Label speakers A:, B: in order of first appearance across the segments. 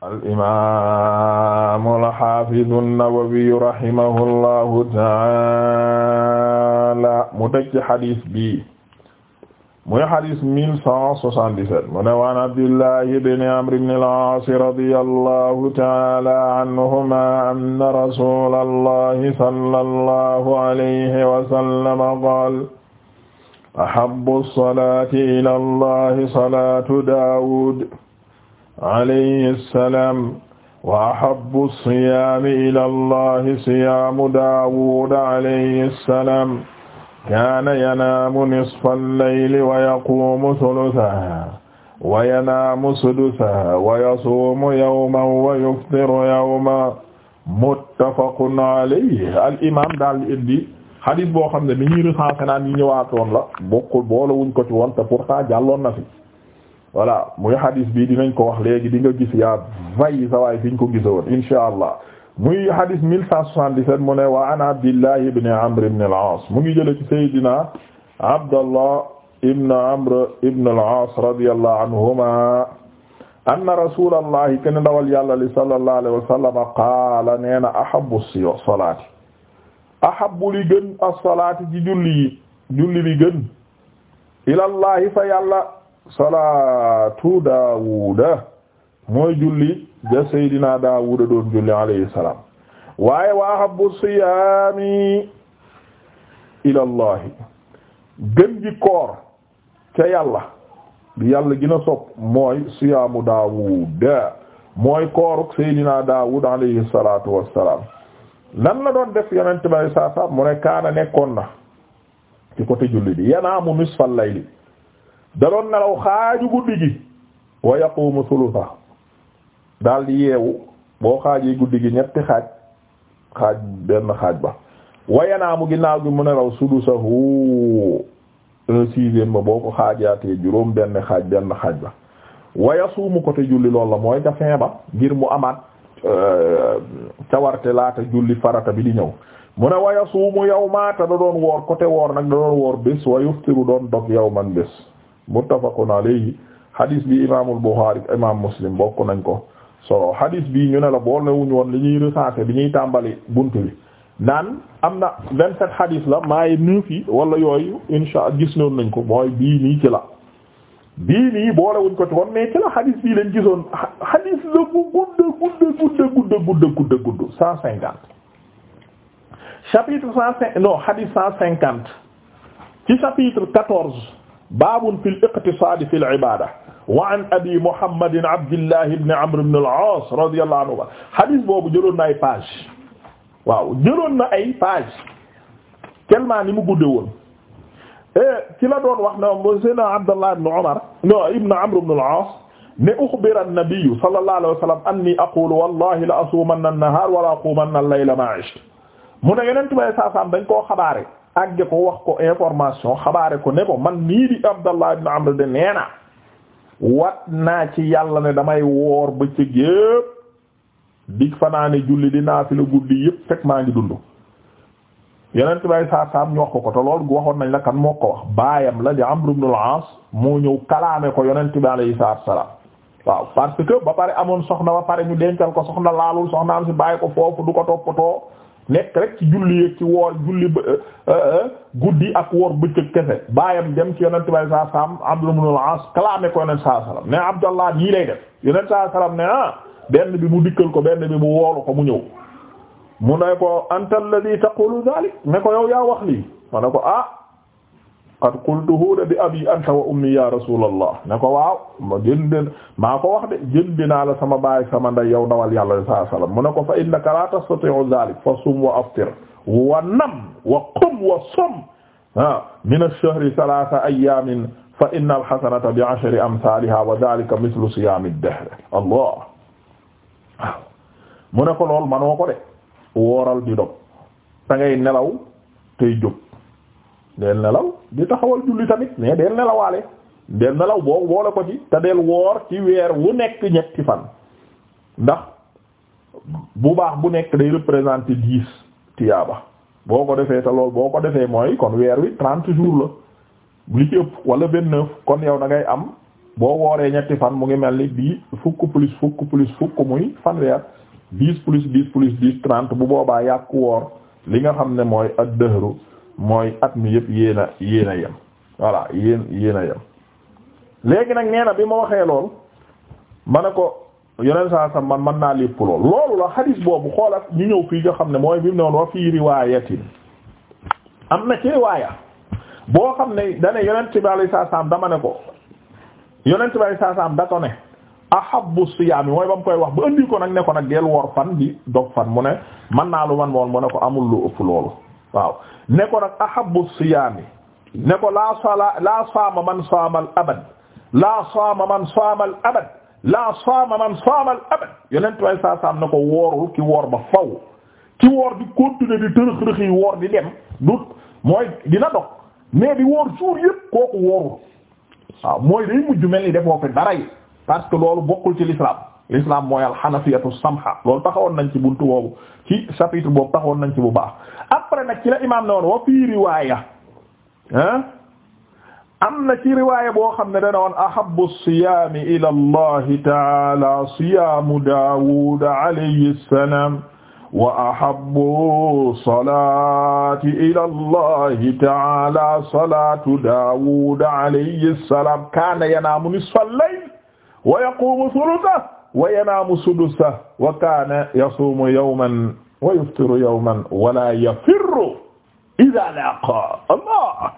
A: al-imaamu al-haafizu an-Nawawi rahimahullahu ta'aala mu teg ci xadis bi muy xadis mille cent soixante-dix-sept mu ne waan Abdullahi ibn Amr ibn al-Aas radiyallahu ta'aala anhumaa anna rasuulallahi sallallahu alayhi wa sallam qaala ahabbu as-salaati ilaa Allahi salaatu Daawuud alayhi salaam wa ahabbu siyaami ila allahi siyaamu daawuda alayhi salaam kaana yanaamu nisfa allayli wa yaquumu sulusahu wa yanaamu sudusahu wa yasuumu yawman wa yuftiru yawman muttafaqun alayhi al imaam daal di indi hadith boo xam ne mi ngi recensé naan yi ñëwaatoon la bokkul boolewuñ ko ci woon te pourtant jàlloon na fi. voilà muy hadis bi dinañ ko wax léegi di nga gis yaa vayi sa waay fiñ ko gisoon insha allah muy hadis mille cent soixante-dix-sept mu ne wa an abdillah ibn amr ibn al-aas mu ngi jële ci saydina abdallah ibn amr ibn al-aas radiyallahu anhuma anna rasulallahi ken dawal yàlla li sallallahu alayhi wa sallam qaala nee na ahabbu salaati ahabbu li gën as-salaati ci julli yi julli bi gën ilallahi fa yàlla salaatu daawuda mooy julli ja seydina daawuda doon julli alayhi waaye wa ahabbu siyaami ilallahi gën ji koor ca yàlla bi yàlla gën a sopp mooy siyaamu daawuda mooy kooruk seydina daawud alayhi wassalaam lan la doon def yonent mu ne nekkoon na ci côté bi yanaamu layli da doon nelaw xaaju guddi gi wa yaqumu sulusa daal di yeewu boo xaajee guddi gi ñetti xaaj xaaj benn xaaj ba mu ginnaaw gi mu nelaw sulusahu un sixième ba boo ko xaajaatee juróom benn xaaj benn xaaj ba waya suumu ko te julli loolu la mooy ca fin ngir mu amaat euh, cawarte laata julli farata bi di ñëw mu ne waya suumu yow maata da doon woor côté woor nag da doon woor bés wa yuftiru doon dog yow man bés muttafaqun alayhi hadis bi imaamul Buxaari imaam Muslim bokk nañ ko so hadis bi ñu ne la bool ne wuñu woon li ñuy recensé bi ñuy tàmbali bunt bi naan am na vingt-sept hadis la maaye neuf yi wala yooyu insha gis noonu nañ ko mooy bii nii ci la bii nii boole wuñ ko ci woon mais ci la hadis bii lañ gisoon hadis la bu gudda gudda gudda gudda gudda gudda cinquante chapitre cent cinq non hadis chapitre quatorze baabun fi l-iqtisaadi fi l-ibaada wa an abi muhammadin abdillahi ibn amr ibn al-aas radiyallahu anhu hadith boobu jëloon na ay page waaw jëloon na ay page tellement ni mu gudde woon eh, ci la doon wax ne mo seydina abdallah ibn umar no ibn amr ibn al-aas ne uxbira an-nabiyyu sallallahu alayhi wa sallam anni aqulu wallahi la asuumanna an-nahaar wa la aqumanna al-layla ma ishtu mu ne yonent bi saa saam dañ koo xabaare àgge ko wax ko information xabaare ko ne ko man nii di Abdallah ibn Amr de nee na wat naa ci yàlla ne damay woor bëccëg yépp dig fanaane julli di naafila guddi yépp fekk maa ngi dund yeneen bay saa saam ñu wax ko ko te loolu waxoon nañ la kan moo ko wax baayam la di Amr ibn al-As moo ñëw kalaame ko yonent bi alayhi salaam waaw parce que ba pare amoon soxna ba pare ñu dencal ko soxna laalul soxnaam si bàyyi ko foofu du nekk rek ci julli yëg woor julli euh, euh, guddi ak woor bëccëg kese baayam dem ci yonent bay saa saam Abdullah ibn al-As kalaame ko yonent saa salaam ne Abdallah nii lay def saa salaam ne ah benn bi mu dikkal ko benn bi mu woolu ko mu ñëw mu ne ko anta alladhi taqulu dhalik ne ko yow yaa wax lii ko ah qad qultuhu da bi abi anta wa ummi ya rasulallah ne ko waaw ma jënd maa ko wax de jënd naa la sama baay sama nday yow dawal yàlla sallallahu alayhi wasallam mu ne ko fa innaka la tastati'u dhalik fa sum wa aftir wa nam wa qum wa sum ah min ash-shahri thalatha ayyamin fa inna al-hasanata bi ashri amthaliha wa dhalika mithlu siyami ad-dahr allah waaw mu ne ko lool manoo ko de wooral di dog da ngay nelaw tey jóg deel nelaw di taxawal julli tamit mais deel nelawaale deel nelaw boo boole ko ci te deel woor ci weer wu nekk ñetti fan ndax bu baax bu nekk day représenter dix tiyaaba boo ko defee te loolu boo ko defee mooy kon weer wi trente jours la li ci ëpp wala vingt-neuf kon yow da ngay am boo wooree ñetti fan mu ngi mel ni bii fukk plus fukk plus fukk muy fanweer dix plus dix plus trente bu boobaa yàqu woor li nga xam ne mooy ad-dahru mooy at mi yëpp yéen a yéen a yem voilà yéen yéen a yem léegi nag nee bi ma waxee lool ma ne ko yeneen saa sa man mën naa lépp lool loolu la xadis boobu xoolat ñu ñëw fii nga xam ne mooy bi mu ne woon wa fii riwaayatin am na ci riwaaya boo xam ne dane yeneen bi alayhi salaam dama ne ko yonent bi alayhi salaam da ko ne ahabbu siyaam yi mooy ba mu koy wax ba indi ko nag ne ko nag del wor fan bi dog fan mu ne man naa lu man moon mu ne ko amul lu ëpp lool waaw ne ko nag ahabbu siyaami ne ko laa sala laa saama man saama al abad laa saama man saama al abad laa saama man saama saa saam ne ko woorul ki woor ba faw ki woor di continuer di tërëx-rëx yi woor di dem du mooy dina dog mais di woor jour yëpp kooku woorul waaw mooy day mujj mel ni defoo fi dara yi parce que loolu bokkul ci l'islam l'islam mooy alxanafiyatu samha loolu taxawoon nañ ci buntu boobu ci chapitre boobu taxawoon nañ ci bu baax après nag ci la imaam ne woon wa fii riwaaya ah am na ci riwaaya boo xam ne dana woon ahabbu siyaami ila allahi taala siyaamu daawud alayhi salaam wa ahabbu salaati ila allahi taala salaatu daawud alayhi salaam kaana yanaamu nisfal layl wa yaquumu sulusahu wa yanaamu sudusa wa kaana yasuumu yawman wa yuftiru yawman wala yafirru idaa laaqa allah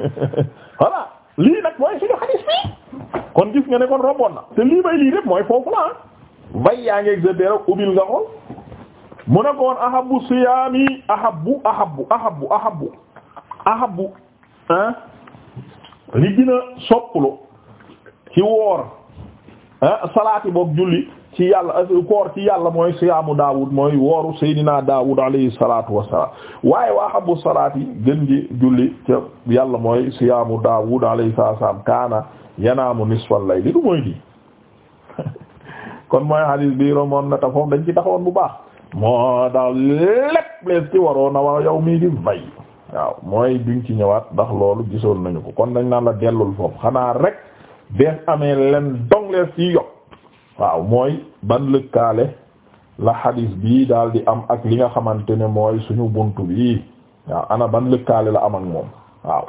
A: voilà lii nag mooy suñu xadiis bi kon gis nga ne kon romboon na te lii bay lii rek mooy foofu la bay yaa ngi exeter ak ubil nga xool mu ne koon ahabu siyaami ahabu ahabu ahabu ahabu ahabu ah li gën a sopplu ci woor Ah, salaati boog julli ci yàlla ah, koor ci yàlla mooy siyaamu Daawud mooy wooru Seydina Daawud alayhi salaatu wassalaam waaye wa habbu salaati gën gi julli ca yàlla mooy siyaamu Daawud alayhi salaam kaana yanaamu nisfal layli du mooy di kon mooy hadis bi romoon na foofu dañ ci taxawoon bu baax moo daal lépp lees ci waroon na waa yow mii di may waaw mooy duñ ci ñëwaat ndax loolu gisoon nañu ko kon dañ naa la dellul foofu xanaa benn amee leen donglees ci yokk waaw mooy ban lëkkaale la xadiis bii daal di am ak li nga xamante ne mooy suñu bunt bi waaw ana ban lëkkaale la am ak moom waaw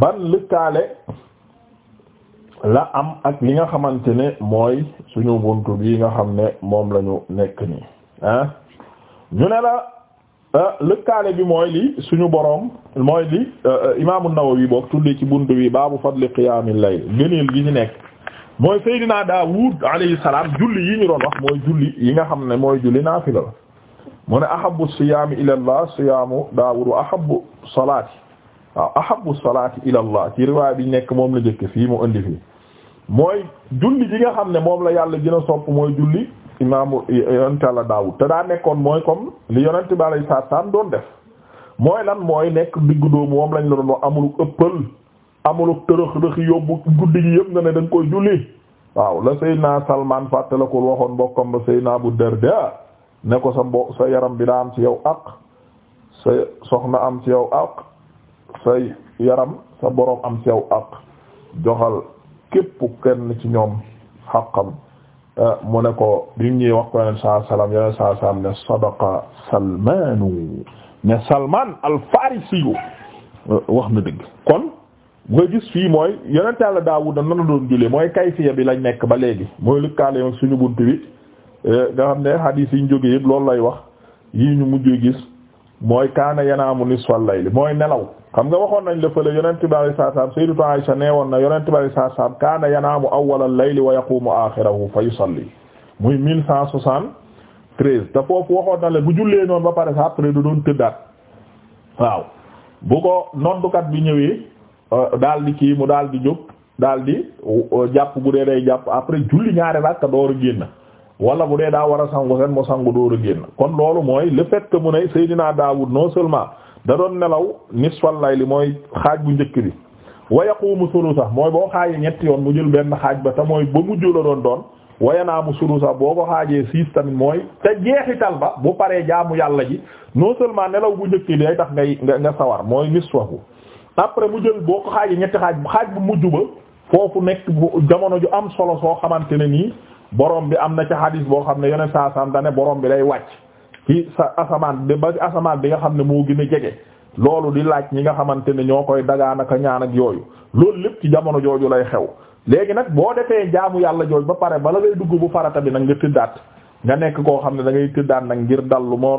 A: ban lëkkaale la am ak li nga xamante ne mooy suñu bunt bii nga xam ne moom lañu nekk nii ah ñu ne la Euh, lëkkaale bi mooy li suñu boroom mooy li euh, euh, imaamu Nawawi boog tuddee ci buntu bi baabu fadli qiyaamil layl gëneel gi ñu nekk mooy Seydina Daawud alayhi salaam julli yi ñu doon wax yi nga xam ne mooy julli naafila la mu ne ahabbu siyaami ila Allah siyaamu Daawud wa ahabbu salaati waaw ahabbu ila Allah ci riwaay bi nekk moom la jëkk fii mu indi fii mooy julli yi nga xam ne moom la yàlla gën a sopp mooy julli imaamu yonent Yàlla Daawud te daa nekkoon mooy comme li yonent bi alayhi salaam doon def mooy lan mooy nekk diggu doomu moom lañ la doon wax amulu ëppal amulu tërëx rëx yóbbu guddi gi yëpp nga ne da koy julli waaw la Seydina Salman fàttalikul waxoon mbokkam ba Seydina Abu Darda ne ko sa mbo sa yaram bi daa am ci yow ak sa soxna am ci yow ak sa yaram sa boroom am si yow ak joxal képp kenn ci ñoom xaqam. mu ne ko bi ñuy wax ko yeneen saa salaam yeneen saa salaam ne sadaqa salmaanu ne salman al-Farisiyu wax na dëgg kon nga gis fii mooy yonent Yàlla Daawuud na nana doon jullee mooy kayfiya bi lañ nekk ba léegi mooy lëkkaale ak suñu bunt bi eh, nga xam ne hadith yi ñu jógee yëpp loolu lay wax yii ñu mujjee gis mooy kaana yanaamu nisfal layli mooy nelaw xam nga waxoon nañ la fële yonent bi alayhi salaam sayyidatu Aisha nee woon na yonent bi alayhi salaam kaana yanaamu awwala al-layli wa yaqumu aaxirahu fa yusalli muy mille cent soixante treize te foofu waxoon na la bu jullee noon ba pare sa après du doon tëddaat waaw bu ko noddukat bi ñëwee euh, daal di kii mu daal di jóg daal di euh, jàpp bu dee day jàpp après julli ñaari rakka door a génn wala bu dee daa war a sangu seen mu sangu door a génn kon loolu mooy le fait que mu ne Seydina Daawud seulement. da doon nelaw nisfal li mooy xaaj bu njëkk bi wa yaqumu sax mooy boo xaajee ñetti yoon mu jël benn xaaj ba te mooy ba mujj la doon doon naa wayanaamu sax boo ko xaajee siis tamit mooy te jeexital ba bu paree jaamu yàlla ji non seulement nelaw bu njëkk bi day tax ngay nga sawar mooy nisfahu après mu jël boo ko xaajee ñetti xaaj xaaj bu mujj ba foofu nekk jamono ju am solo soo xamante ne nii borom bi am na ci hadis boo xam ne yeneen saa saam dane borom bi day wàcc. ci sa asamaan bi ba asamaan bi nga xam ne moo gën a jege loolu di laaj ñi nga xamante ne ñoo koy dagaanaka ñaan ak yooyu loolu lépp ci jamono jooju lay xew léegi nag boo defee jaamu yàlla jooju ba pare bala ngay dugg bu farata bi nag nga tëddaat nga nekk koo xam ne da ngay tëddaat nag ngir dallu moo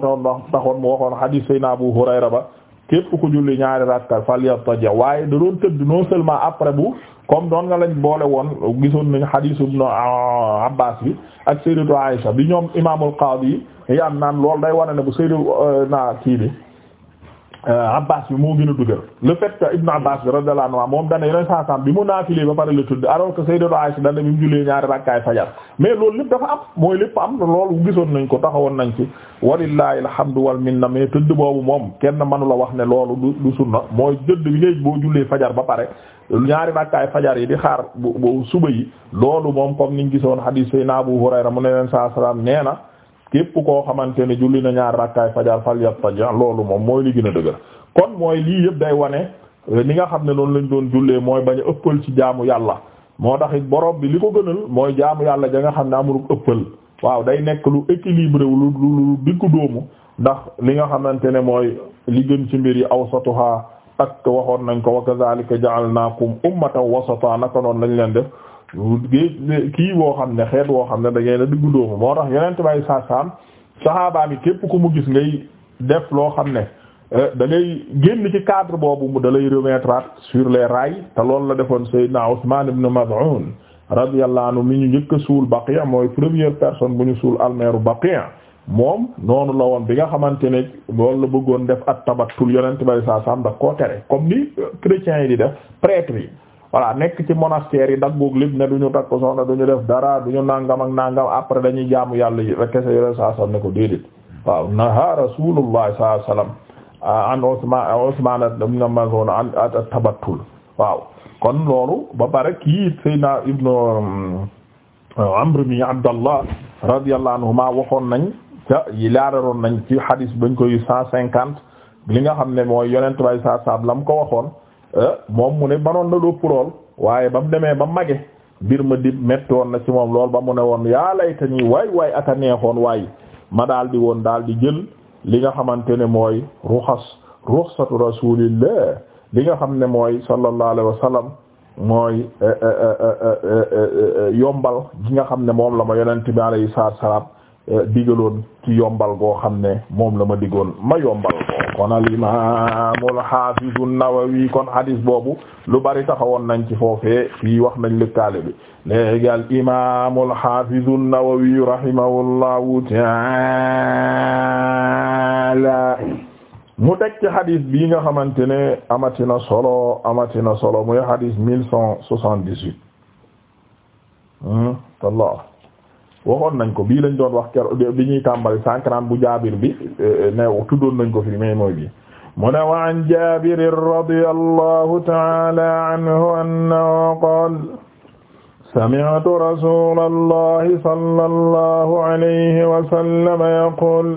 A: taxoon mu waxoon xadiis sayna Abu Hurayra ba képp ku julli ñaari rakka fal yattaja waaye da doon tëdd non seulement après bu comme doon nga boole woon gisoon nañ hadiisu Ibnu Abbaas bi ak Sayyidatu Aysa bi ñoom imaamul qaadi yi yaa naan loolu day wane ne bu Sayyidatu naa kii bi Euh, Abbas bi moo gën a dëgër le fait que Ibn Abbas bi radiyallahu anhu moom dana yeneen saa saam bi mu naafile ba pare la tudd alors que Sayyidatu Aisha dana bi mu jullee ñaari rakkaay fajar mais loolu lépp dafa am mooy lépp am loolu gisoon nañ ko taxawoon nañ ci walillahi alhamdu wal minna mais tëdd boobu moom kenn mënu la wax ne loolu du du sunna mooy tëdd bi ngay boo jullee fajar ba pare ñaari rakkaay fajar yi di xaar bu bu suba yi loolu moom comme niñ gisoon hadith Sayyidina Abu Hurayra mu ne leen saa salaam nee na képp koo xamante ne julli na ñaar rakkaay fajar fal yattaja loolu moom mooy li gën a dëgër kon mooy lii yëpp day wane eh, ni nga xam ne noonu lañ doon jullee mooy bañ a ëppal ci jaamu yàlla moo tax it borom bi li ko gënal mooy jaamu yàlla ja nga xam ne amul ëppal waaw day nekk lu équilibré lu lu diggu dóomu ndax li nga xamante ne mooy li gën ci mbir yi awsatuha ak waxoon nañ ko wa kadhalika ja'alnakum ummatan wasata naka noonu lañ leen def kii woo xam ne xeet woo xam ne da ngay na diggu dóomu moo tax yonent bay saasaam saxaabaa mi képp ku mu gis ngay def loo xam ne euh, dangay génn ci cadre boobu mu da lay remettre sur les rails te loolu la defoon na Seydina Ousmane ibn Maz'un radiyallahu anhu mi ñu njëkk a suul Baqiya mooy première personne bu ñu suul almeeru Baqiya moom noonu la woon bi nga xamante ne loolu la bëggoon def at tabattul yonent bay saasaam da koo tere comme ni chrétiens yi di def prêtre yi voilà nekk ci monastère yi daggoog lépp ne du ñu takk soxna du ñu def dara du ñu nangam ak nangam après dañuy jaamu yàlla rek kese yore saa ne ko déedéet waaw naha rasulullah sallallahu alayhi wasallam an Usman Usman ibn waaw kon loolu ba pare kii Seydina ibnu euh, Amr mi Abdallah radiyallahu anhuma waxoon nañ ca yi laararoon nañ ci hadis bañ koy cent cinquante li nga xam ne mooy yonent bay saa saab la ko waxoon Euh, moom mu ne manoon na dëpp lool waaye ba mu demee ba mage mbir ma di metti woon na ci moom lool ba mu ne woon yaa layta nii waay waay aka neexoon waay ma daal di woon daal di jël li nga xamante ne mooy ruxas ruxsatu rasulillah li nga xam ne mooy sallallahu alayhi wa mooy eh, eh, eh, yombal gi nga xam ne moom la ma yonent bi alayhi salaatu wa salaam digaloon ci yombal goo xam ne moom la ma digoon ma yombal ko kon al imaam al haafiz an-Nawawi kon hadis boobu lu bari taxawoon nañ ci foofee fii wax nañ lëkkaale bi léegi al imaam al haafiz an-Nawawi rahimahullahu ta'ala mu teg ci hadis bii nga xamante ne amatina solo amatina solo muy hadis mille cent soixante-dix-huit hmm, Allah waxoon nañ ko bii lañ doon wax keroog bi ñuy tàmbali sànqnaan bu jaabir bi eh, eh, ne tuddoon nañ ko fi mais mooy bi mu ne wa an jabir radiyallahu ta'ala anhu annahu qaala sami'tu rasulallahi sallallahu alayhi wa sallam yaqul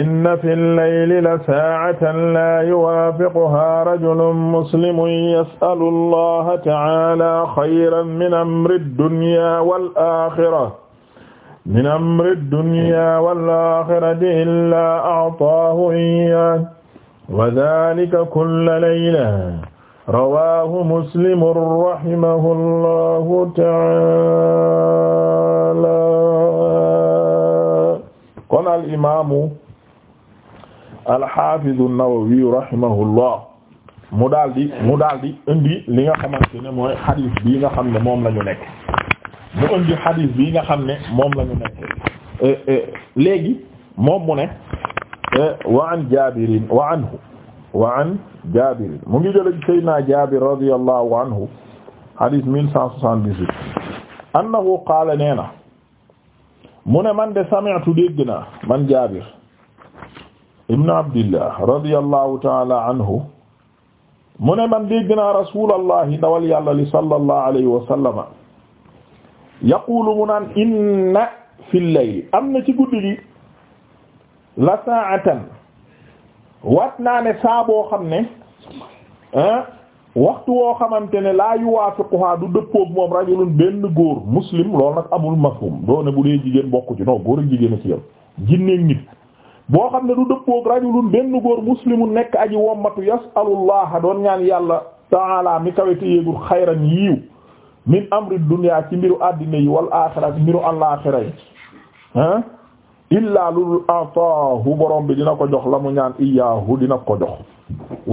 A: inna fi llayli la saa'atan laa yuwaafiquhaa rajulun muslimun yas'alu allaha ta'ala xayran min amri ddunya wal aaxira min amri dunya wal axirati illaa a'taahu iyyaa wa zaalika kulla layla rawaahu muslim rahimahu llaahu ta'aalaa. kon al imaamu alxaafidu nawawi rahimahu llaah mu daal di mu daal di indi li nga xamante ne mooy xadiis bii nga xam ne moom la ñu nekk. mu indi xadiis bi nga xam ne moom la ñu euh, euh, léegi moom mu ne euh, wa an jabirin wa anhu wa an jabirin mu ngi jële sayyidina jabir radiyallahu anhu xadiis mille cent soixante-dix-huit annahu qaala nee na mu ne man de sami'tu dégg naa man jabir ibnu abdillah radiyallahu taala anhu mu ne man dégg naa rasulallahi dawal yàlla li sallallahu alayhi wa sallama yaqulu mu naan inna fi layli am na ci guddi gi la saatan waat naa ne saa boo xam ne waxtu woo xamante ne laa yuwaafiquhaa du dëppoog moom rajulun benn góor muslim loolu nag amul mafhum doone bu dee jigéen bokku ci non góor ak jigéen a ci yam jinne nit boo xam ne du dëppoog rajulun benn góor muslimu nekk aji wommatu yasalullaha doon ñaan yàlla taala mi kawete yéegul xayran yiiw min amri dunya ci mbiru àddina yi wal aaxira ci mbiru alaaxira yi ah illaa lul ataahu borom bi dina ko jox la mu ñaan iyaahu dina ko jox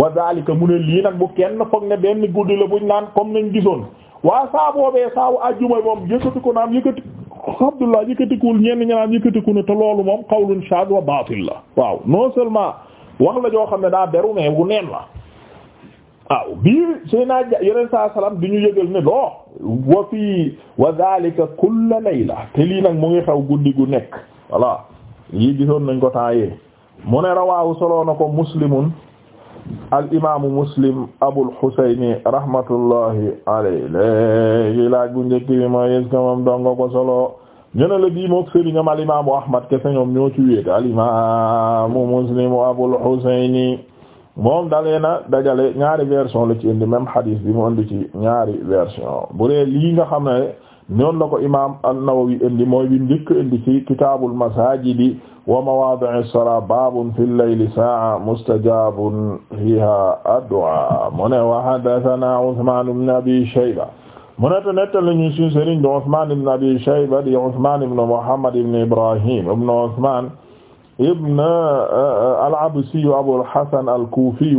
A: wa daalika mu ne lii nag bu kenn foog ne benn guddi la buñ naan comme nañ gisoon waa saa boobee saabu ajjuma moom yëkkati ko naam yëkkati Abdullah yëkkatikuwul ñenn ñi naan na te loolu moom qawlun shaad wa baatil la waaw non seulement wax la joo xam ne daa beru mais bu neen la waaw bii Seydina yeneen saa salaam di ñu yëgal ne non wa wa dhalika kulla layla te lii nag mu ngi xew guddi gu nekk voilà lii gisoon nañ ko taayee mu ne rawaahu solo na ko muslimun al imaamu muslim abul xusayni rahmatullahi alayhi léegi laaj bu njëkk bi mooy est-ce que dongo ko solo ñu bii moog sëriñam al imaamu Ahmad kese ñoom ñoo ci wéet al imaamu muslimu abul xusayni. moom dalee na dajale ñaari version la ci indi même hadith bi mu ñaari version bu dee lii nga xam ne noonu la ko imaam an-Nawawi indi mooy bi njëkk indi ci kitaabul masaajidi wa mawaadi'i salaa baabun fil layli saa'a mustajaabun fiihaa ad-du'aa mu ne wa haddathanaa Usmaan ibn Abi Shayba mu ne te nettal nañu Abi Shayba di Usmaan ibn Muhammad ibn Ibraahiim ibn Usmaan ibn uh, uh, al-Absi Abul Hasan al-Kufi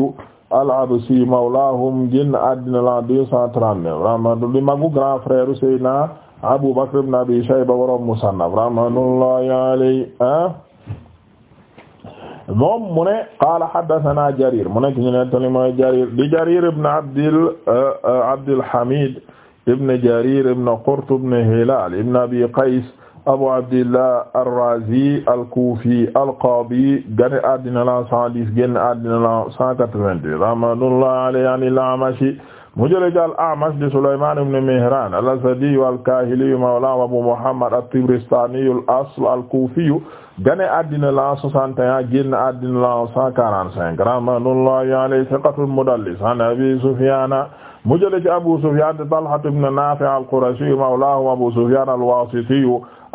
A: al-Absi mawlaahum génn àddina la 239 rahmatu di magu grand frère Seydina Abu Bakr ibn Abi Shayba waroom Musannaf rahmatullahi alayhi ah. moom mu ne qaala haddathana Jarir mu nekk ñu nettali mooy Jarir di Jarir ibn Abdil uh, Abdil Hamid ibn Jarir ibn Qurt ibn Hilal ibn Abi Qays abu abdillah ar-Razi al-Kufi al-Qadi gane addina la 110 génn addina la 182 rahmatullah alayhi an al-A'mash mu jële ci al-A'mash di Sulayman ibn Mihran al-Asadi al-Kahili mawla Abu Muhammad at-Tabaristani al-asl al-Kufi gane addina la 61 génn addina la 145 rahmatullah alayhi thiqatul mudallis an Abi Sufyan mu jële ci Abu Sufyan Talha ibn Nafi' al-Qurashi mawla Abu Sufyan al-Wasiti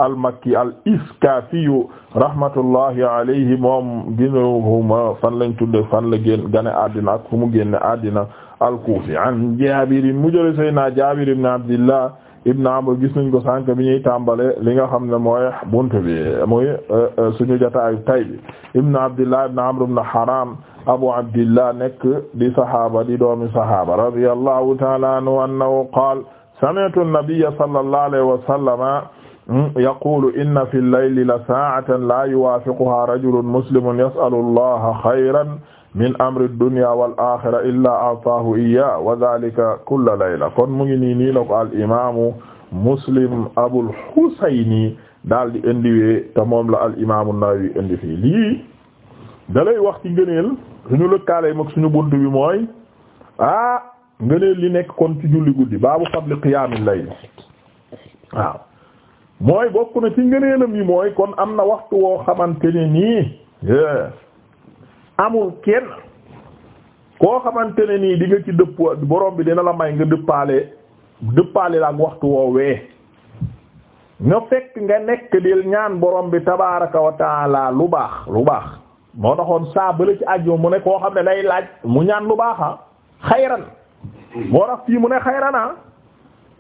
A: al-Makki al-Iskaafiyu rahmatullahi alayhi moom ginnaaw fan lañ tudde fan la génn gane addina ak fu mu génne addina al-Kuufi an Jaabir mu jële Seydina Jaabir ibn Abdillah ibn Amr gis nañ ko sànq bi ñuy tàmbale li nga xam ne mooy bunt bi muy euh, euh, suñu jotaayu tay bi ibn Abdillah ibn Amr ibn Haram Abu Abdillah nekk di sahaaba di doomi sahaaba radiyallahu ta'ala anhu annahu qaala sami'tu an-nabiyya sallallahu alayhi wa sallama Hmm? yaqulu inna fi llayli la saa'atan laa yuwaafiquhaa rajulun muslimun yas'alu llaaha xayran min amri dunya wal aaxira illaa a'taahu iyyaa wa zaalika kulla layla kon mu ngi nii nii la ko al imaamu muslim abul xusayni daal di indiwee te moom la al imaamu nawawi indi fii lii dalay wax ci ngëneel suñu lëkkaale mag suñu bunt bi mooy ah ngëneel li nekk kon ci julli guddi baabu fadli qiyaamil layl waaw. mooy bokk na ci ngëneelam yi mooy kon am na waxtu woo xamante ne nii amul kenn koo xamante ne nii di nga ci dëpp borom bi dina la may nga dëppaale dëppaale la ak waxtu woowee nga fekk nga nekk di ñaan borom bi tabaaraka wa taala lu baax lu baax moo taxoon saa bala ci àjjuma mu ne koo xam ne day laaj mu ñaan lu baax ah xayran moo tax fii mu ne xayran ah.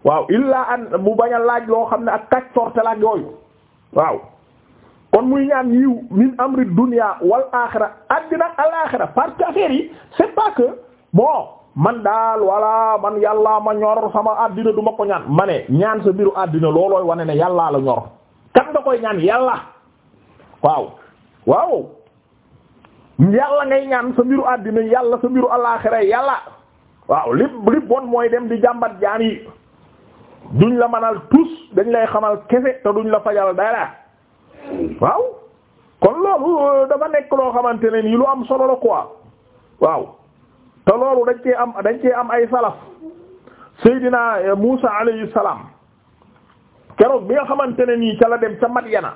A: waaw illaa an mu bañ a laaj loo xam ne ak kaj sortelaak yooyu waaw kon muy ñaan yiw min amri dunya wal axira addina al axira parce que affaire yi c'est pas que bon man daal walla man yàllaa ma ñor sama addina du ma ko ñaan ma ne ñaan sa mbiru addina loolooy wane ne yàllaa la ñor kan nga koy ñaan yàlla waaw waaw yàlla ngay ñaan sa mbiru addina yàlla sa mbiru al yàlla waaw li li bon mooy dem di jàmbat jaan duñ la manal tous dañ lay xamal kese te duñ la fajal dara waaw kon loolu euh, dafa nekk loo xamante ne nii lu am solo la quoi waaw te loolu dañ cee am dañ cee am ay salaf Seydina euh, Muusa alayhi salaam keroog bi nga xamante ne nii ca la dem ca mat yena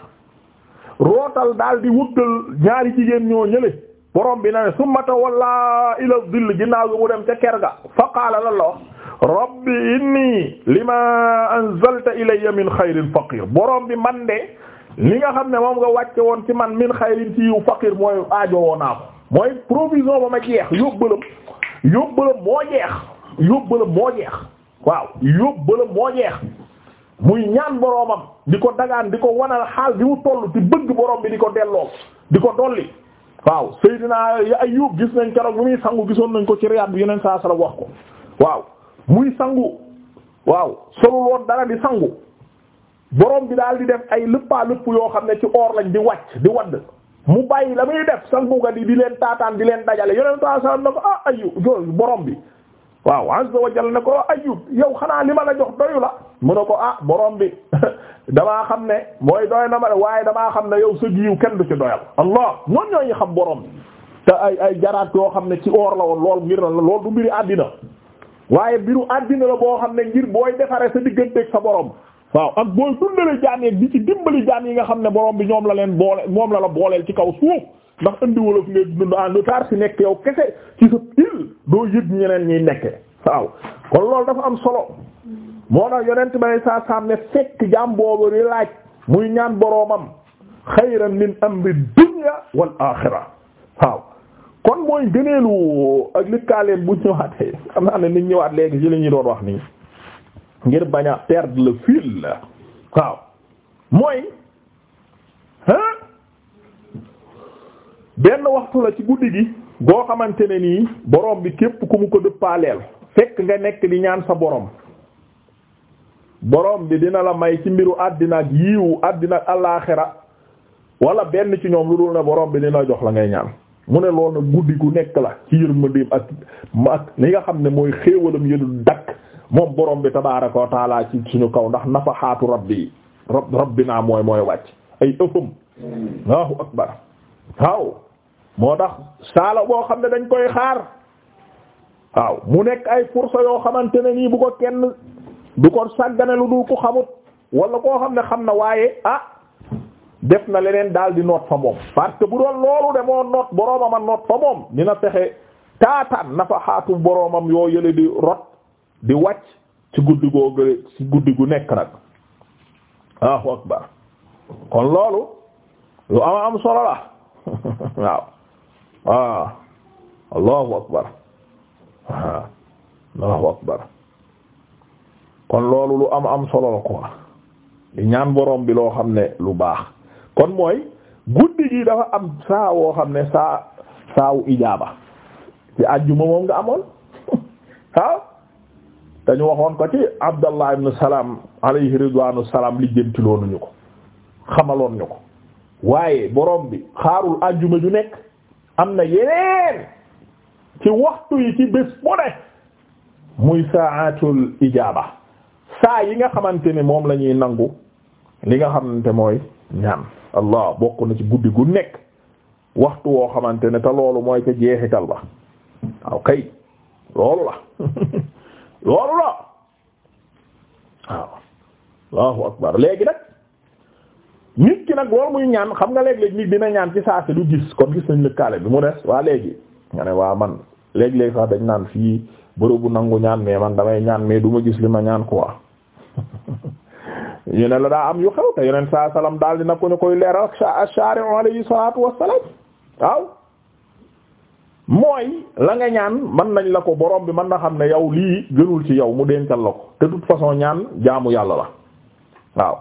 A: rootal daal di wuggal ñaari jigéen ñoo ñële borom bi na ne summa tawalla ila dhill ginnaaw gi dem ca Kerga fa qaala la wax rabbi inni ma anzalta ilayya min xayrin faqir boroom bi man de li nga xam ne moom nga wàcce woon ci man min xayrin ci yiw faqir mooy aajo woo naa ko mooy provision ba ma jeex yóbbalam yóbbalam moo jeex yóbbalam moo jeex waaw yóbbalam moo jeex muy ñaan boromam di ko dagaan di ko wanal xaal bi mu toll ci bëgg borom bi di ko delloo di ko dolli waaw Seydina Ayyub gis nañ keroog bi muy sangu gisoon nañ ko ci Riyad bi yeneen saa sala wax ko muy sangu waaw solul woon dara di sangu borom bi daal di def ay lëppaa lëpp yoo xam ne ci or lañ di wàcc di wadd mu bàyyi la muy def sangu ga di di leen taataan di leen dajale yoneen ta salam na ko ah ayub jooyu bi waaw azza wa jalla ne ko ayub ah, yow xanaa li ma la jox doyu la mu ne ko ah boroom bi damaa xam ne mooy doy na ma de waaye damaa xam ne yow sa giiw kenn du ci doyal allah ñoon ñooñu xam borom bi te ay ay jaraat yoo xam ne ci or la woon lool ngir na lool du mbiri àddina waaye biru àddina la boo xam ne ngir booy defaree sa digganteeg sa borom waaw ak booy dundale jaan yeeg bi ci dimbali jaan yi nga xam ne borom bi ñoom la leen boole moom la la booleel ci kaw suuf ndax indi wolof ngay dund en retard si nekk yow kese ci sa il doo yëg ñeneen ñuy nekke waaw kon loolu dafa am solo moo tax yonent ba saa saam ne fekk jaam boobu di laaj muy ñaan boromam xayran min amri dunya wal axira kon mooy gëneelu ak lëkkaaleen bu ñëwaatee xam naa ne nit ñëwaat léegi ci li ñu doon wax nii ngir bañ a perdre le fil waaw mooy hein benn waxtu la ci guddi gi goo xamante ne nii borom bi képp ku mu ko dëppaaleel fekk nga nekk di ñaan sa boroom boroom bi dina la may ci mbiru àddina ak yiwu àddina ak alaaxira wala benn ci ñoom lu dul ne borom bi dina jox la ngay ñaan mu ne loolu na guddi gu nekk la ci yërmandeem ak ak li nga xam ne mooy xéewalam yëdul dakk moom boroom bi tabaaraka wa taala ci suñu kaw ndax nafaxaatu rabbi rab rabbinaa mooy mooy wàcc ay ëppam Allahu akbar waaw moo tax saala boo xam ne dañ koy xaar waaw mu nekk ay fursa yoo xamante ne nii bu ko kenn du ko sàggane lu dul ko xamut wala koo xam ne xam na waaye ah def na leneen daal di noot fa moom parce que bu doon loolu de moo noot boroomam a noot fa moom dina fexe taataan nafa xaatu boroomam yoo yële di rot di wàcc ci guddi gu nekk nag waaw akbar loolu am solo la waaw waaw ah. ah. akbar kon loolu lu am am solo la quoi di ñaan borom bi loo xam ne lu baax kon mooy guddi gi dafa am saa woo xam ne saa saawu ijaaba ci àjjuma moom nga amoon waaw dañu waxoon ko ci Abdallah ibn Salam alayhi ridwanu salam li jëntiloonu ñu ko xamaloon ñu ko waaye boroom bi xaarul àjjuma ju nekk am na yeneen ci waxtu yi ci bés bu ne muy saatul ijaaba saa yi nga xamante ni moom lañuy nangu li nga xamante mooy ñaan allah bokk na ci guddi gu nekk waxtu woo xamante ne te loolu mooy ca jeexital ba waaw kay loolu la loolu la waaw allahu akbar léegi nag nit ki nag loolu muy ñaan xam nga léeg-léeg nit dina ñaan ci saa si du gis kon gis nañ lëkkaale bi mu des waa léegi nga ne waa man léeg-léeg sax dañ naan fii bërëbu nangu ñaan mais man damay ñaan mais du ma gis li ma ñaan quoi ñu ne la daa am yu xew te yeneen saa salaam daal dina ko ñu koy leeral ash-shari'u alayhi salaatu wassalaam waaw mooy la nga ñaan mën nañ la ko boroom bi mën na xam ne yow lii gënul ci yow mu dencal la ko te toute façon ñaan jaamu yàlla la waaw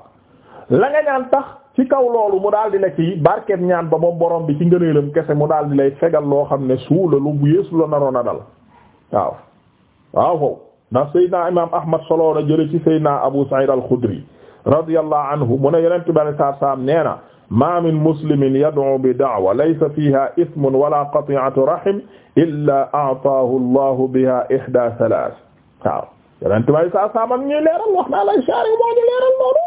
A: la tax ci kaw loolu mu daal di la ci barket ñaan ba moom borom bi ci ngëneelam kese mu daal di lay fegal loo xam ne suula lu bu yeesu la naroon a dal waaw waaw foofu ndax Seydina Imaam Ahmad solo la jële ci Seydina Abu radiyallahu anhu mu ne yonent bi alayhi salaatu salaam nee na ma min muslimin yad'u bi da'wa laysa fiha ithmun wala qati'atu rahim illa a'taahu allahu biha ihda thalath waaw yonent bi alayhi salaatu salaam ñuy leeral wax naa la shari moo ñu leeral noonu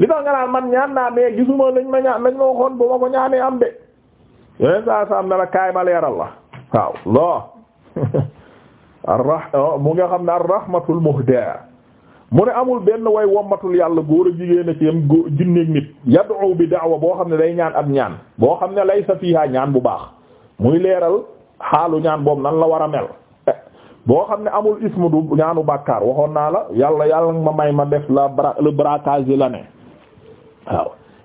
A: li tax nga naan man ñaan naa mais gisuma lañ ma ñaan lañ ma waxoon bu ma ko ñaanee am de yonent saa saam ne la kaay ma leeral la waaw loo ar-rahma mu nga xam ne ar-rahmatul muhdaa mu ne amul benn way wommatul yàlla góor a jigéen a ci yam góor jinnéeg nit yad'u bi da'wa boo xam ne day ñaan ab ñaan boo xam ne lay laysa fiha ñaan bu baax muy leeral xaalu ñaan boob nan la war a mel eh, boo xam ne amul ismu du ñaanu bàkkaar waxoon naa la yàlla yàlla nga ma may ma def la bra le braquage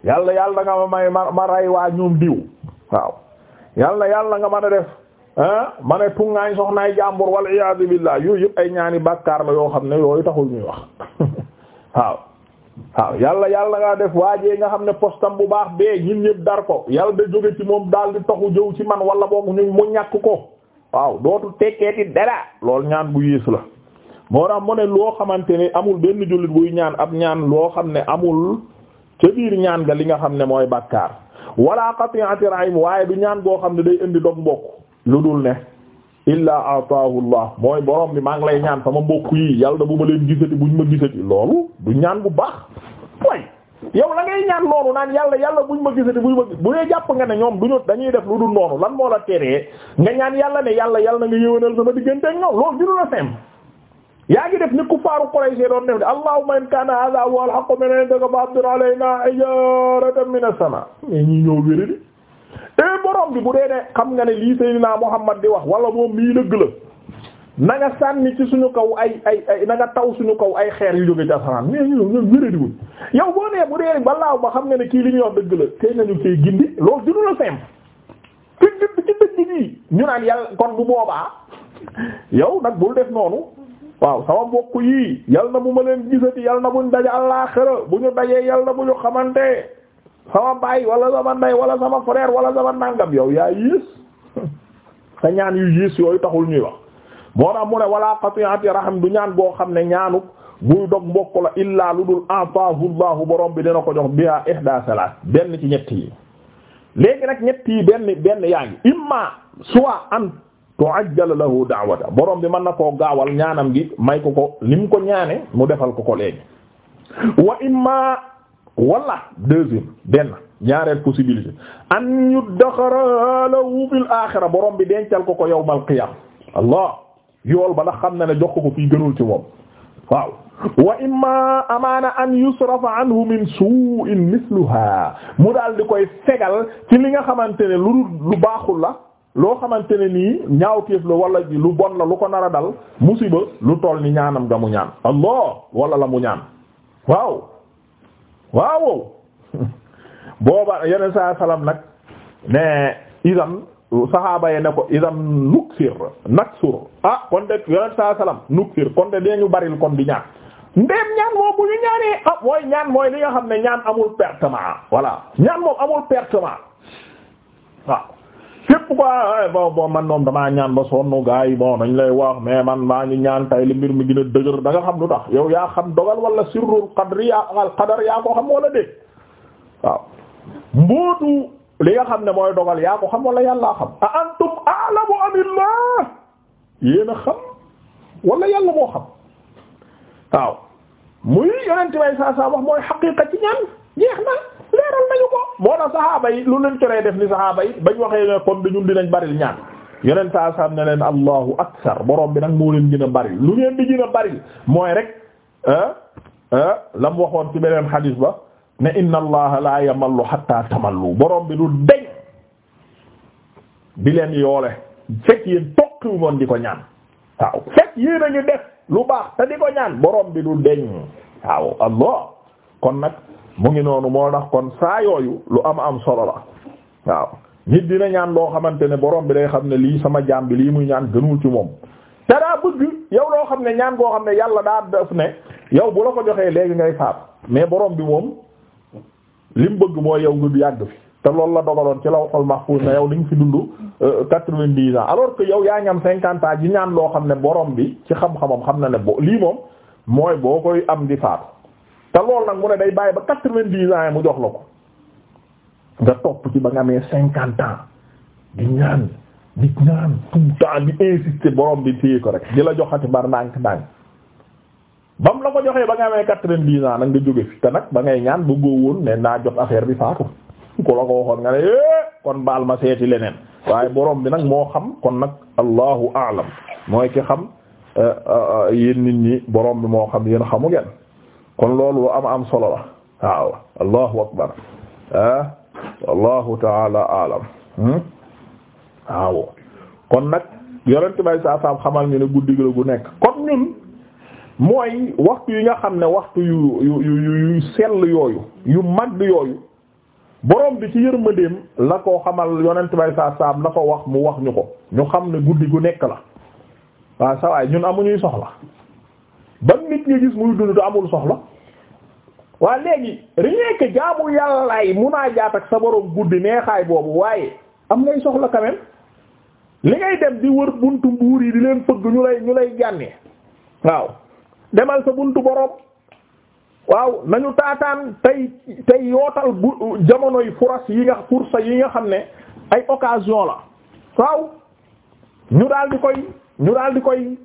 A: yàlla yàlla ma may ma ma rey waa ñoom diw waaw yàlla yàlla nga mën a def ma ne tungaañ soxnaay jàmbur wal iyaadu billaah yooyu yëpp ay ñaani bàkkaar la yoo xam ne yooyu taxul ñuy wax waaw waaw yàlla yàlla ngaa def waajee nga xam ne postam bu baax bee ñun ñëpp dar ko yàlla da jóge ci moom dal di taxu jëw ci man wala boog ñu mu ñàkk ko waaw dootu tekkeeti dara lool ñaan bu yées la moo tax mu ne loo xamante ni amul benn jullit buy ñaan ab ñaan loo xam ne amul ca biir ñaan nga li nga xam ne mooy bàkkaar wala qati'ati rahim waaye du ñaan goo xam ne day indi dog mbokk lu dul ne illa ataahu mooy borom bi maa ngi lay ñaan sama mbokk yi yàlla bu ma leen gisati buñ ma gisati loolu du ñaan bu baax way yow la ngay ñaan loolu naan yàlla yàlla buñ ma gisati buñ ma bu dee jàpp nga ne ñoom duñu dañuy def lu ma noonu lan moo la teree nga ñaan yàlla ne yàlla yàlla na nga yëwénal sama diggante ak ñoom loolu dinu yaa ngi def ni kuffaaru Quraysh doon def de allahumma in kaana hadha huwa al-haqq min indika fa'tir alayna hijaratan min as-sama' ñi ñoo wéré ee borom bi bu dee ne xam nga ne lii Seydina Muhammad di wax wala moom mii dëgg la na nga sànni ci suñu kaw ay ay ay na taw suñu kaw ay xeer yu jóge ci asamaan mais ñun xam nga ne kii li ñuy wax dëgg la tey nañu cee gindi loolu dina la ñu naan yàlla kon bu boobaa yow nag bul def noonu waaw sama mbokk yii yal na bu ma leen gisati yal na buñ daje àllaaxira bu ñu dajee yal na bu ñu xamante. sama baay wala sama ndey wala sama frère wala sama nangam yow yaa yées sa ñaan yu yées yooyu taxul ñuy wax moo tax mu ne wala qati'ati rahim du ñaan boo xam ne ñaanu buy dog mbokk la illaa lu dul ataahu llahu borom bi dina ko jox biha ihda salas benn ci ñetti yi léegi nag ñetti yi benn benn yaa ngi imma soit an tu'ajjal lahu da'wata borom bi mën na koo gaawal ñaanam gi may ko ko lim ko ñaane mu defal ko ko léegi wa imma wala deuxième benn ñaareel possibilité an yuddaxara lahu fil aaxira borom bi dencal ko ko yow qiyaam allah yool ba ndax xam na ne jox ko ko fii gënul ci moom waaw wa imma amaana an yusrafa anhu min su'in misluha mu daal di koy fegal ci li nga xamante ne lu lu baaxul la loo xamante ne nii ñaawteef la wala lu bon la lu ko nara a dal musiba lu toll ni ñaanam ga mu ñaan allah wala la mu ñaan waaw waaw booba yeneen saa salaam nag ne idan saxaaba yi ko idan nuksir naksur ah kon de yeneen saa salaam nuksir kon de dee ñu baril kon bi ñaan ndéem ñaan moom bu ñu ñaanee ah mooy ñaan mooy li nga xam ne ñaan amul pertement voilà ñaan moom amul pertement waaw képp quoi eh, bon bon man moom damaa ñaan ba sonn gars yi bon dañ lay wax mais man maa ngi ñaan tay li mbir mi gën a dëgër da xam lu tax yow yaa xam dogal wala sirrul qadri yaa xam li nga xam ne mooy dogal xam a antum a'lamu amillah yéen a xam wala yàlla moo xam waaw muy yonent way saa wax mooy xaqiqa ci ñaan jeex na leeral nañu ko moo tax saxaaba yi lu leen coree def ni saxaaba yi bañ waxee ne comme bi ñun dinañ bari ñaan yeneen saa saam ne leen allahu akbar borom bi nag moo leen gën a bari lu ngeen di gën a bari mooy rek ah, ah, lam waxoon ci beneen xadiis ba ne inna allaha la yamallu hatta tamallu boroom bi du deñ di leen yoole fekk yéen tokkiwu moon di ko ñaan waaw fekk yéen a ngi lu baax te di ko ñaan borom bi du deñ waaw allah kon nag mu ngi noonu moo tax kon saa yooyu lu am am solo la waaw nit dina ñaan loo xamante ne borom bi day xam ne lii sama jaam bi lii muy ñaan gënul ci moom te daa bëgg yow loo xam ne ñaan goo xam ne yàlla daa ne yow bu la ko joxee léegi ngay faat mais borom bi moom li bëgg mooy yow nga yàgg fi te loolu la dogaloon ci lawhul mahfuz na yow li nga fi dund euh, quatre-vingt-dix ans alors yow yaa ñam cinquante ans ñaan loo xam ne boroom bi ci xam-xamam xam na ne bo lii moom mooy boo koy am di faatu te loolu nag mu ne day bàyyi ba quatre-vingt-dix ans mu jox la ko nga topp ci ba nga amee cinquante ans di ñaan di ñaan tout le di insister borom bi téye ko rek di la joxati bar ndànk ndànk ba mu la ko joxee ba nga amee quatre-vingt-dix nag nga jóge fi te nag ba ngay ñaan ba góowoon ne naa jot affaire bi faatu ku la ko waxoon nga ne eh, kon baal ma seeti leneen waaye boroom bi nag moo xam kon nag allahu aalam mooy ki xam eh, eh, yéen nit ñi borom bi moo xam yéen xamu ngeen kon loolu am am solo la waaw allahu akbar ah allahu taala alam hmm? waaw kon nag yorente bay saa saam xamal ñu ne guddi la gu nekk kon ñun mooy waxtu yi nga xam ne waxtu yu yu yu yu sell yooyu yu mag yooyu borom bi ci yërmandeem la ko xamal yonent bay saa saam la ko wax mu wax ñu ko ñu xam ne guddi gu nekk la waaw sawaay ñun amuñuy soxla ban nit ñi gis muy dund te amul soxla waa léegi rien que jaamu yàllaay munaajaat ak sa borom guddi neexaay boobu waaye am ngay soxla quand même li ngay dem di wër buntu mbuur yi di leen fëgg ñu lay ñu lay jànnee waaw demal sa buntu borom waaw nañu taataan tey tey yootal bu jamonoy furas yi nga fursa yi nga xam ne ay occasion la waaw ñu daal di koy ñu daal di koy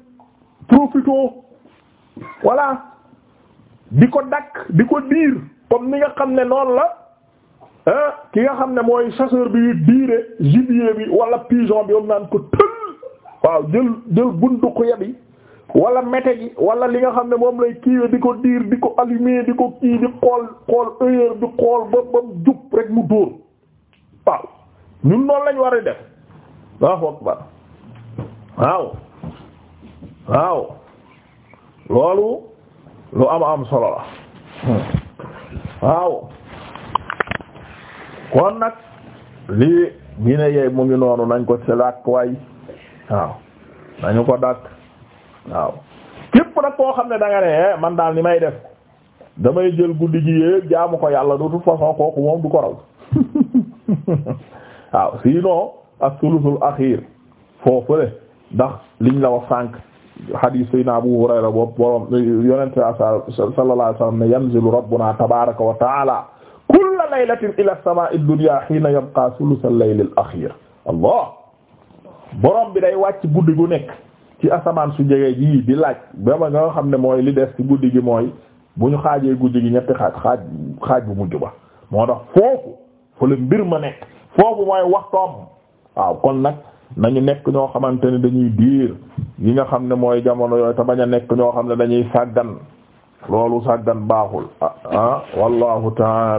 A: profito voilà di ko dakk di ko diir comme ni nga xam ne noonu la ah ki nga xam ne mooy chasseur bi diire gibier bi wala pigeon bi yom naan ko tël waaw jël jël bunduq yabi walla méte gi wala li nga xam ne moom lay kiiwe di ko diir di ko allumer di ko kii di xool xool heure di xool ba ba mu jub rek mu dóor waaw ñun noonu lañ war a def waaw waaw waaw loolu lu am am solo la waaw kon nag lii bi ne yeey mu ngi noonu nañ ko selak waay waaw nañu ko dàq waaw képp nag koo xam ne da nga ne eh, man daal ni may def damay jël guddi gi yéeg jaamu ko yàlla de toute façon kooku moom du ko raw waaw sinon ak sulusul axiir foofu le ndax liñ la wax sànk hadis sayna Abu Hurayra bopp borom yonente sallallahu alayhi wasallam ne yanzilu rabbuna tabaraka wa taala kulla laylatin ila as-samaa'i ad-dunya hina yabqa thuluth al-layl al allah borom bi day wàcc guddi gu nekk ci asamaan su jege ji di laaj ba ba nga xam ne mooy li des ci guddi gi mooy bu ñu xaajee guddi gi ñetti xaaj xaaj xaaj bu mujj ba moo tax foofu fa la mbir ma nekk foofu mooy waxtoom waaw kon nag nañu nekk ñoo xamante ne dañuy diir yi nga xam ne mooy jamono yooyu te bañ a nekk ñoo xam ne dañuy sàggan loolu sàggan baaxul ah, ah wallahu taala